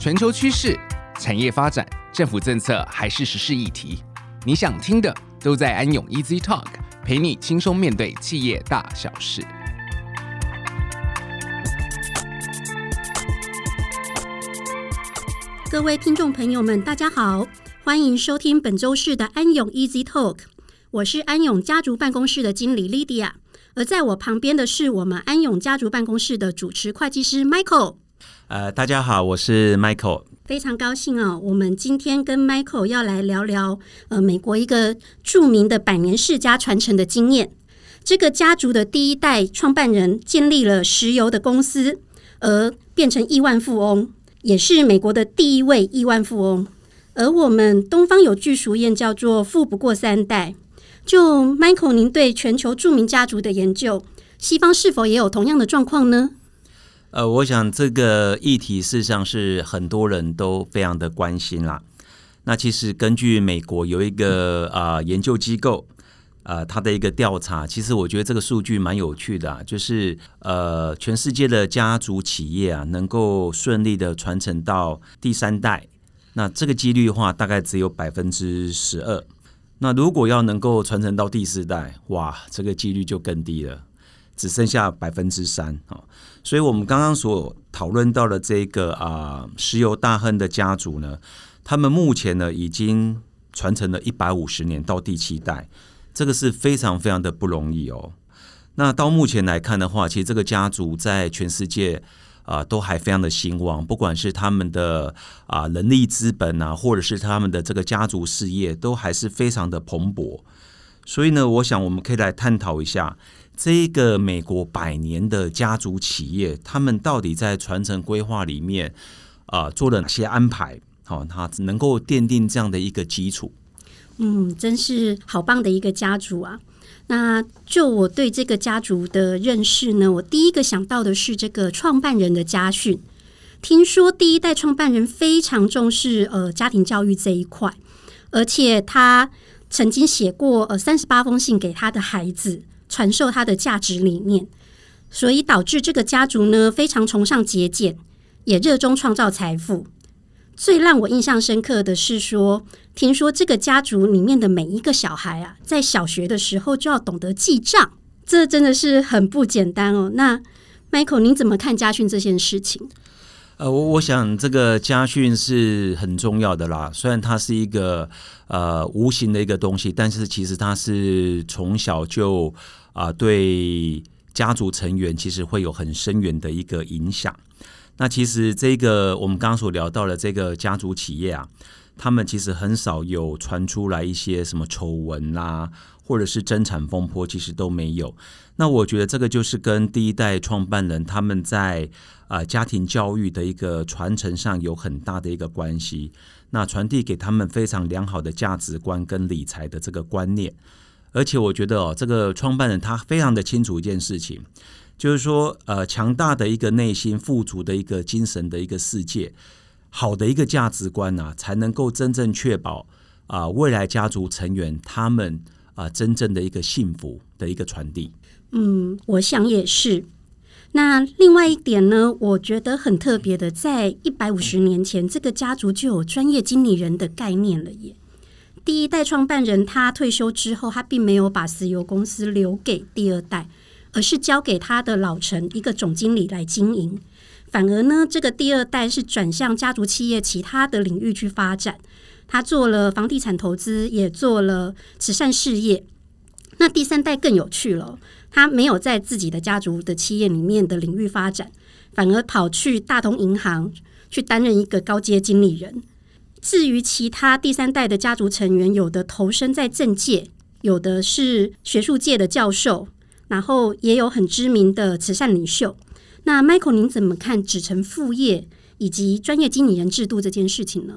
全球趨勢、產業發展、政府政策還是時事議題，你想聽的都在安永 Easy Talk，陪你輕鬆面對企業大小事。各位聽眾朋友們，大家好，歡迎收聽本周四的安永 Easy Talk，我是安永家族辦公室的經理 Lydia，而在我旁邊的是我們安永家族辦公室的主持會計師 Michael。呃，大家好，我是 Michael，非常高興啊、哦。我們今天跟 Michael 要來聊聊呃，美國一個著名的百年世家傳承的經驗。這個家族的第一代創辦人建立了石油的公司，而變成億萬富翁，也是美國的第一位億萬富翁。而我們東方有句俗諺叫做“富不過三代”。就 Michael，您對全球著名家族的研究，西方是否也有同樣的狀況呢？呃，我想這個議題事實上是很多人都非常的關心啦。那其實根據美國有一個啊，呃，研究機構啊，呃，它的一個調查，其實我覺得這個數據蠻有趣的，啊，就是呃全世界的家族企業啊，能夠順利的傳承到第三代，那這個幾率的話大概只有百分之十二。那如果要能夠傳承到第四代，哇，這個幾率就更低了，只剩下百分之三所以，我們剛剛所討論到的這個啊，石油大亨的家族呢，他們目前呢已經傳承了一百五十年到第七代，這個是非常非常的不容易哦。那到目前來看的話，其實這個家族在全世界啊都還非常的興旺，不管是他們的啊人力資本啊，或者是他們的這個家族事業，都還是非常的蓬勃。所以呢，我想我們可以來探討一下。這個美國百年的家族企業，他們到底在傳承規劃裡面啊、呃、做了哪些安排？好、哦，它能夠奠定這樣的一個基礎。嗯，真是好棒的一個家族啊！那就我對這個家族的認識呢，我第一個想到的是這個創辦人的家訓。聽說第一代創辦人非常重視呃家庭教育這一塊，而且他曾經寫過呃三十八封信給他的孩子。傳授他的價值理念，所以導致這個家族呢非常崇尚節儉，也熱衷創造財富。最讓我印象深刻的是說，聽說這個家族裡面的每一個小孩啊，在小學的時候就要懂得記賬，這真的是很不簡單哦。那 Michael，你怎麼看家訓這件事情？呃我，我想這個家訓是很重要的啦，雖然它是一個呃無形的一個東西，但是其實它是從小就。啊、呃，對家族成員其實會有很深遠的一個影響。那其實這個我們剛剛所聊到的這個家族企業啊，他們其實很少有傳出來一些什麼醜聞啦、啊，或者是爭產風波，其實都沒有。那我覺得這個就是跟第一代創辦人他們在啊、呃、家庭教育的一個傳承上有很大的一個關係。那傳遞給他們非常良好的價值觀跟理財的這個觀念。而且我覺得哦，這個創辦人他非常的清楚一件事情，就是說，呃，強大的一個內心、富足的一個精神的一個世界、好的一個價值觀啊，才能夠真正確保啊、呃、未來家族成員他們啊、呃、真正的一個幸福的一個傳遞。嗯，我想也是。那另外一點呢，我覺得很特別的，在一百五十年前，這個家族就有專業經理人的概念了耶。第一代創辦人他退休之後，他並沒有把石油公司留給第二代，而是交給他的老臣一個總經理來經營。反而呢，這個第二代是轉向家族企業其他的領域去發展。他做了房地產投資，也做了慈善事業。那第三代更有趣了，他沒有在自己的家族的企業裡面的領域發展，反而跑去大同銀行去擔任一個高階經理人。至於其他第三代的家族成員，有的投身在政界，有的是學術界的教授，然後也有很知名的慈善領袖。那 Michael，您怎麼看子承父業以及專業經理人制度這件事情呢？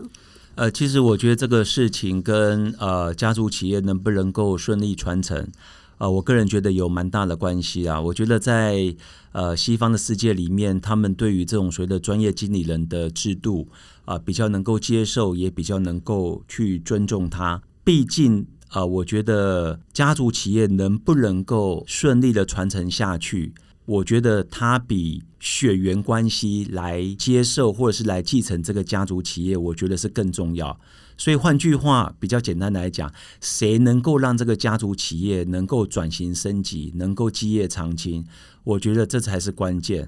呃，其實我覺得這個事情跟呃家族企業能不能夠順利傳承。啊、呃，我個人覺得有蠻大的關係啊。我覺得在呃西方的世界裡面，他們對於這種所謂的專業經理人的制度啊、呃，比較能夠接受，也比較能夠去尊重他。畢竟啊、呃，我覺得家族企業能不能夠順利的傳承下去。我覺得他比血緣關係來接受或者是來繼承這個家族企業，我覺得是更重要。所以換句話，比較簡單來講，誰能夠讓這個家族企業能夠轉型升級，能夠基業長青，我覺得這才是關鍵。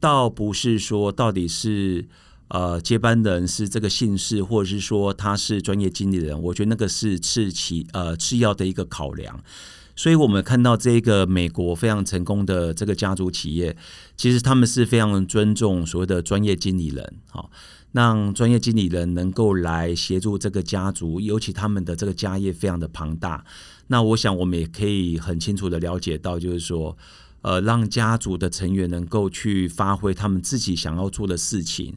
倒不是說到底是呃接班人是這個姓氏，或者是說他是專業經理人，我覺得那個是次、其、呃、次要的，一個考量。所以，我們看到這個美國非常成功的這個家族企業，其實他們是非常尊重所謂的專業經理人，好、哦，讓專業經理人能夠來協助這個家族，尤其他們的這個家業非常的龐大。那我想，我們也可以很清楚的了解到，就是說，呃，讓家族的成員能夠去發揮他們自己想要做的事情，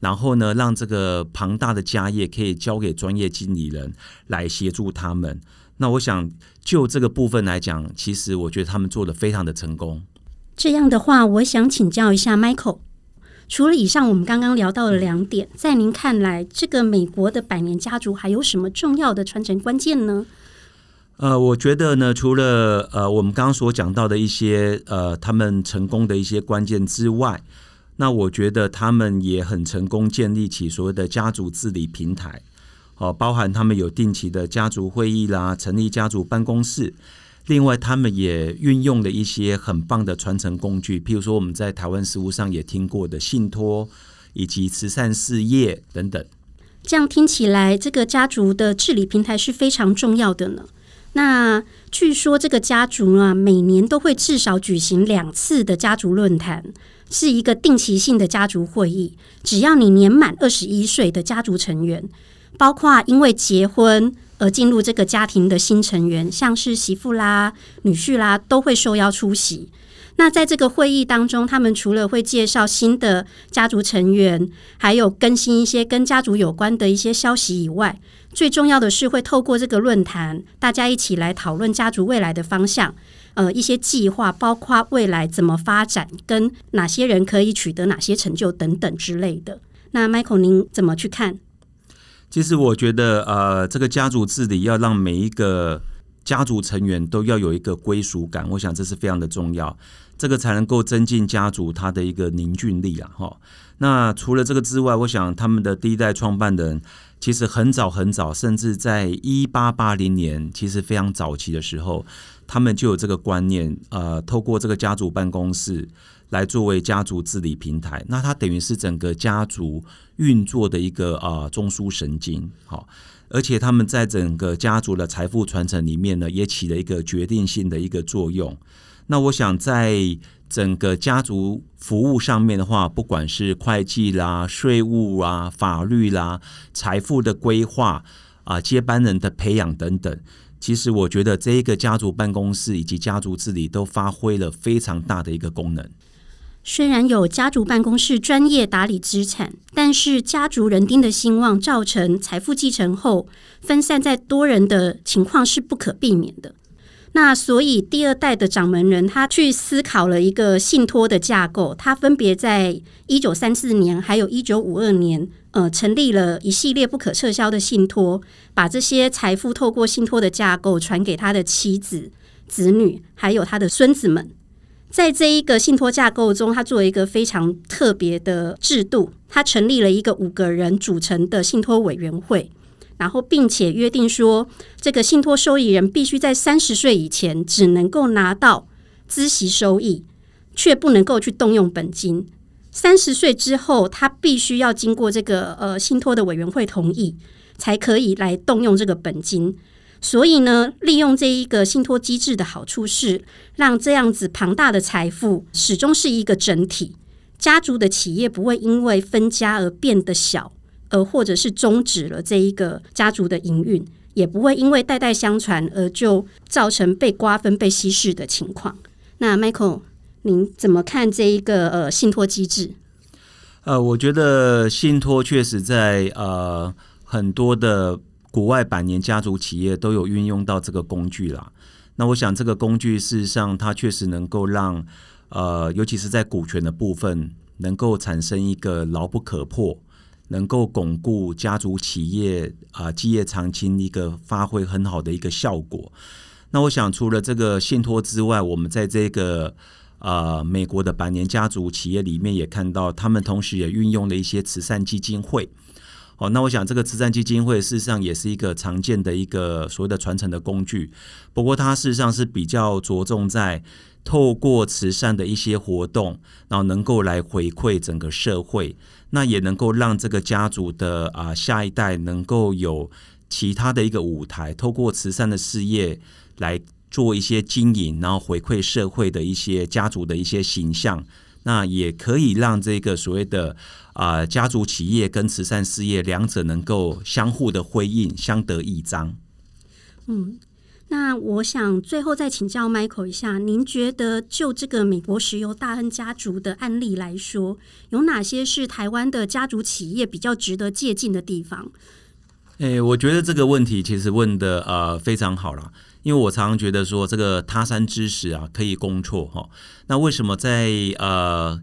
然後呢，讓這個龐大的家業可以交給專業經理人來協助他們。那我想，就這個部分來講，其實我覺得他們做得非常的成功。這樣的話，我想請教一下 Michael，除了以上我們剛剛聊到的兩點，嗯、在您看來，這個美國的百年家族還有什麼重要的傳承關鍵呢？呃，我覺得呢，除了呃我們剛剛所講到的一些呃他們成功的一些關鍵之外，那我覺得他們也很成功建立起所謂的家族治理平台。哦，包含他們有定期的家族會議啦，成立家族辦公室，另外他們也運用了一些很棒的傳承工具，譬如說我們在台灣實務上也聽過的信托以及慈善事業等等。這樣聽起來，這個家族的治理平台是非常重要的呢。那據說這個家族啊，每年都會至少舉行兩次的家族論壇，是一個定期性的家族會議。只要你年滿二十一歲的家族成員，包括因為結婚而進入這個家庭的新成員，像是媳婦啦、女婿啦，都會受邀出席。那在這個會議當中，他們除了會介紹新的家族成員，還有更新一些跟家族有關的一些消息以外，最重要的是會透過這個論壇，大家一起來討論家族未來的方向，呃，一些計劃，包括未來怎麼發展，跟哪些人可以取得哪些成就等等之類的。那 Michael，您怎麼去看？其實我覺得，呃，這個家族治理要讓每一個家族成員都要有一個歸屬感，我想這是非常的重要，這個才能夠增進家族它的一個凝聚力啊，哈。那除了這個之外，我想他們的第一代創辦人其實很早很早，甚至在一八八零年，其實非常早期的時候，他們就有這個觀念，呃，透過這個家族辦公室。來作為家族治理平台，那它等於是整個家族運作的一個啊、呃、中樞神經，好、哦，而且他們在整個家族的財富傳承裡面呢，也起了一個決定性的一個作用。那我想，在整個家族服務上面的話，不管是會計啦、稅務啊、法律啦、財富的規劃啊、呃、接班人的培養等等，其實我覺得這一個家族辦公室以及家族治理都發揮了非常大的一個功能。雖然有家族辦公室專業打理資產，但是家族人丁的興旺造成財富繼承後分散在多人的情況是不可避免的。那所以第二代的掌門人他去思考了一個信託的架構，他分別在一九三四年還有一九五二年，呃，成立了一系列不可撤銷的信託，把這些財富透過信託的架構傳給他的妻子、子女，還有他的孫子們。在這一個信託架構中，它做了一個非常特別的制度，它成立了一個五個人組成的信託委員會，然後並且約定說，這個信託受益人必須在三十歲以前只能夠拿到孳息收益，卻不能夠去動用本金。三十歲之後，他必須要經過這個呃信託的委員會同意，才可以來動用這個本金。所以呢，利用這一個信託機制的好處是，讓這樣子龐大的財富始終是一個整體，家族的企業不會因為分家而變得小，而或者是終止了這一個家族的營運，也不會因為代代相傳而就造成被瓜分、被稀釋的情況。那 Michael，您怎麼看這一個呃信託機制？呃，我覺得信託確實在呃很多的。國外百年家族企業都有運用到這個工具啦。那我想，這個工具事實上它確實能夠讓呃，尤其是在股權的部分，能夠產生一個牢不可破，能夠鞏固家族企業啊、呃、基業長青一個發揮很好的一個效果。那我想，除了這個信托之外，我們在這個呃美國的百年家族企業裡面也看到，他們同時也運用了一些慈善基金會。好，那我想這個慈善基金會事實上也是一個常見的一個所謂的傳承的工具，不過它事實上是比較着重在透過慈善的一些活動，然後能夠來回饋整個社會，那也能夠讓這個家族的啊、呃、下一代能夠有其他的一個舞台，透過慈善的事業來做一些經營，然後回饋社會的一些家族的一些形象。那也可以讓這個所謂的啊、呃、家族企業跟慈善事業兩者能夠相互的輝映，相得益彰。嗯，那我想最後再請教 Michael 一下，您覺得就這個美國石油大亨家族的案例來說，有哪些是台灣的家族企業比較值得借鑒的地方？誒、欸，我覺得這個問題其實問得呃非常好啦。因為我常常覺得說，這個他山之石啊，可以攻錯哈。那為什麼在呃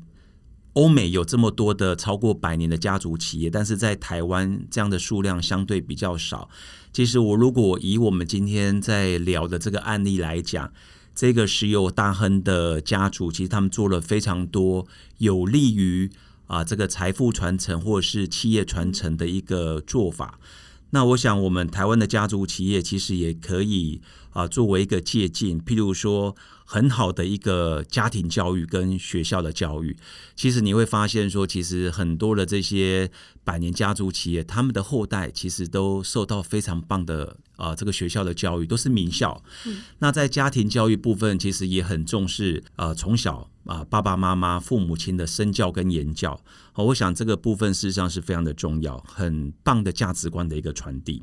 歐美有這麼多的超過百年的家族企業，但是在台灣這樣的數量相對比較少？其實，我如果以我們今天在聊的這個案例來講，這個石油大亨的家族，其實他們做了非常多有利於啊這個財富傳承或是企業傳承的一個做法。那我想，我們台灣的家族企業其實也可以啊，作為一個借鏡，譬如說，很好的一個家庭教育跟學校的教育，其實你會發現說，其實很多的這些百年家族企業，他們的後代其實都受到非常棒的啊、呃、這個學校的教育，都是名校。嗯、那在家庭教育部分，其實也很重視啊、呃、從小啊、呃、爸爸媽媽父母親的身教跟言教，好，我想這個部分事實上是非常的重要，很棒的價值觀的一個傳遞。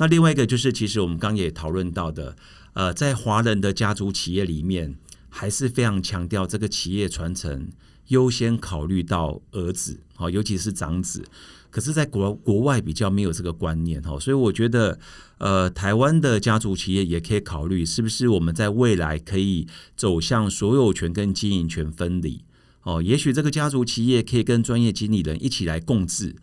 那另外一個就是，其實我們剛剛也討論到的，呃，在華人的家族企業裡面，還是非常強調這個企業傳承優先考慮到兒子，好，尤其是長子。可是，在國國外比較沒有這個觀念，哈、哦，所以我覺得，呃，台灣的家族企業也可以考慮，是不是我們在未來可以走向所有權跟經營權分離？哦，也許這個家族企業可以跟專業經理人一起來共治，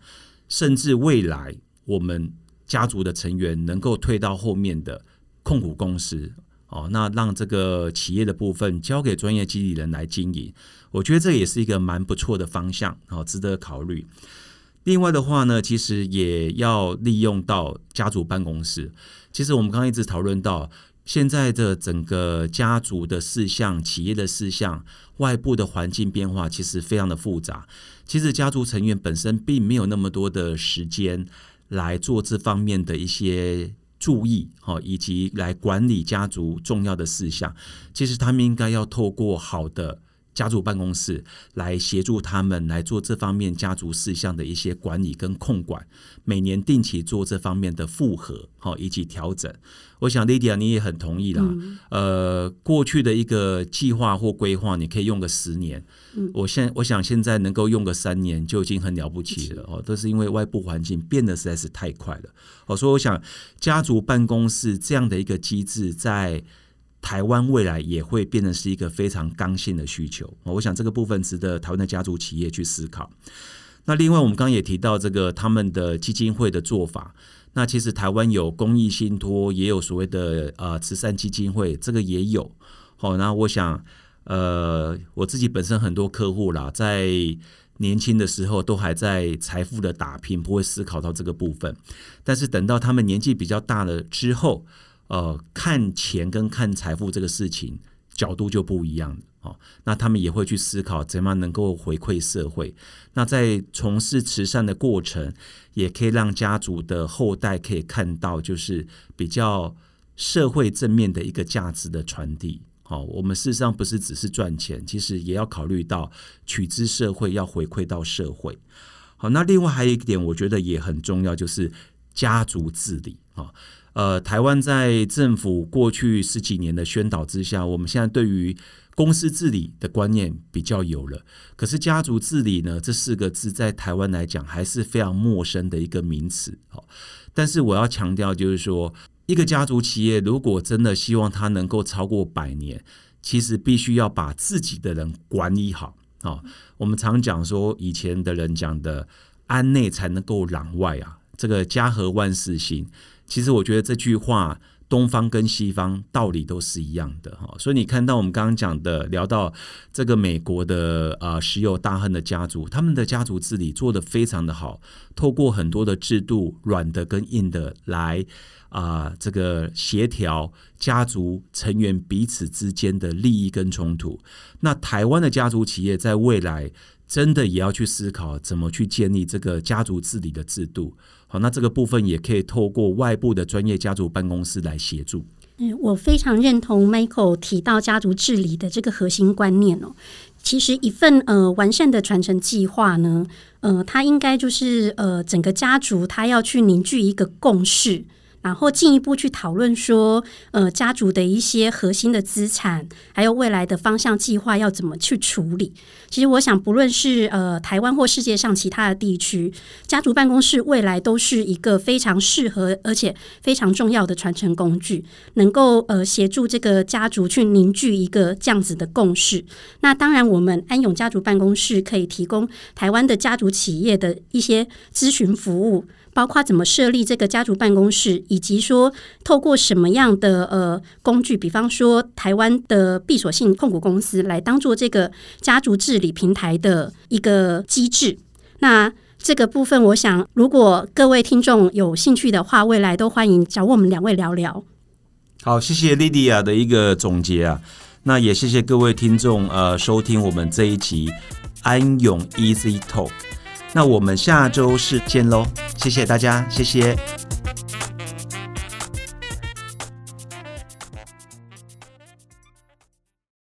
甚至未來我們。家族的成員能夠退到後面的控股公司哦，那讓這個企業的部分交給專業經理人來經營，我覺得這也是一個蠻不錯的方向哦，值得考慮。另外的話呢，其實也要利用到家族辦公室。其實我們剛剛一直討論到現在的整個家族的事項、企業的事項、外部的環境變化，其實非常的複雜。其實家族成員本身並沒有那麼多的時間。來做這方面的一些注意，以及來管理家族重要的事項，其實他們應該要透過好的，家族辦公室來協助他們來做這方面家族事項的一些管理跟控管，每年定期做這方面的複核，好以及調整。我想莉迪亞你也很同意啦。呃，過去的一個計劃或規劃，你可以用個十年。我現我想現在能夠用個三年，就已經很了不起了哦。都是因為外部環境變得實在是太快了。我說，我想家族辦公室這樣的一個機制在。台灣未來也會變成是一個非常剛性的需求，我想這個部分值得台灣的家族企業去思考。那另外，我們剛剛也提到這個他們的基金會的做法。那其實台灣有公益信託，也有所謂的呃慈善基金會，這個也有。好、哦，那我想，呃，我自己本身很多客戶啦，在年輕的時候都還在財富的打拼，不會思考到這個部分。但是等到他們年紀比較大了之後。呃，看錢跟看財富這個事情角度就不一樣哦。那他們也會去思考怎麼能夠回饋社會。那在從事慈善的過程，也可以讓家族的後代可以看到，就是比較社會正面的一個價值的傳遞。好，哦，我們事實上不是只是賺錢，其實也要考慮到取之社會要回饋到社會。好，那另外還有一點，我覺得也很重要，就是家族治理啊。哦呃，台灣在政府過去十幾年的宣導之下，我們現在對於公司治理的觀念比較有了。可是家族治理呢，這四個字在台灣來講還是非常陌生的一個名詞。好，哦，但是我要強調就是說，一個家族企業如果真的希望它能夠超過百年，其實必須要把自己的人管理好。好，哦，我們常講說，以前的人講的“安內才能夠攘外”啊，這個家和萬事興。其實我覺得這句話，東方跟西方道理都是一樣的哈，所以你看到我們剛剛講的，聊到這個美國的啊、呃、石油大亨的家族，他們的家族治理做得非常的好，透過很多的制度，軟的跟硬的來啊、呃、這個協調家族成員彼此之間的利益跟衝突。那台灣的家族企業在未來真的也要去思考，怎麼去建立這個家族治理的制度。好，那這個部分也可以透過外部的專業家族辦公室來協助。嗯，我非常認同 Michael 提到家族治理的這個核心觀念哦。其實一份呃完善的傳承計劃呢，呃，它應該就是呃整個家族它要去凝聚一個共識。然後進一步去討論說，呃，家族的一些核心的資產，還有未來的方向計劃要怎麼去處理。其實我想，不論是呃台灣或世界上其他的地區，家族辦公室未來都是一個非常適合而且非常重要的傳承工具，能夠呃協助這個家族去凝聚一個這樣子的共識。那當然，我們安永家族辦公室可以提供台灣的家族企業的一些諮詢服務。包括怎麼設立這個家族辦公室，以及說透過什麼樣的呃工具，比方說台灣的閉鎖性控股公司來當做這個家族治理平台的一個機制。那這個部分，我想如果各位聽眾有興趣的話，未來都歡迎找我們兩位聊聊。好，謝謝莉莉亞的一個總結啊，那也謝謝各位聽眾呃收聽我們這一集安永 Easy Talk。那我們下週四見嘍，謝謝大家，謝謝。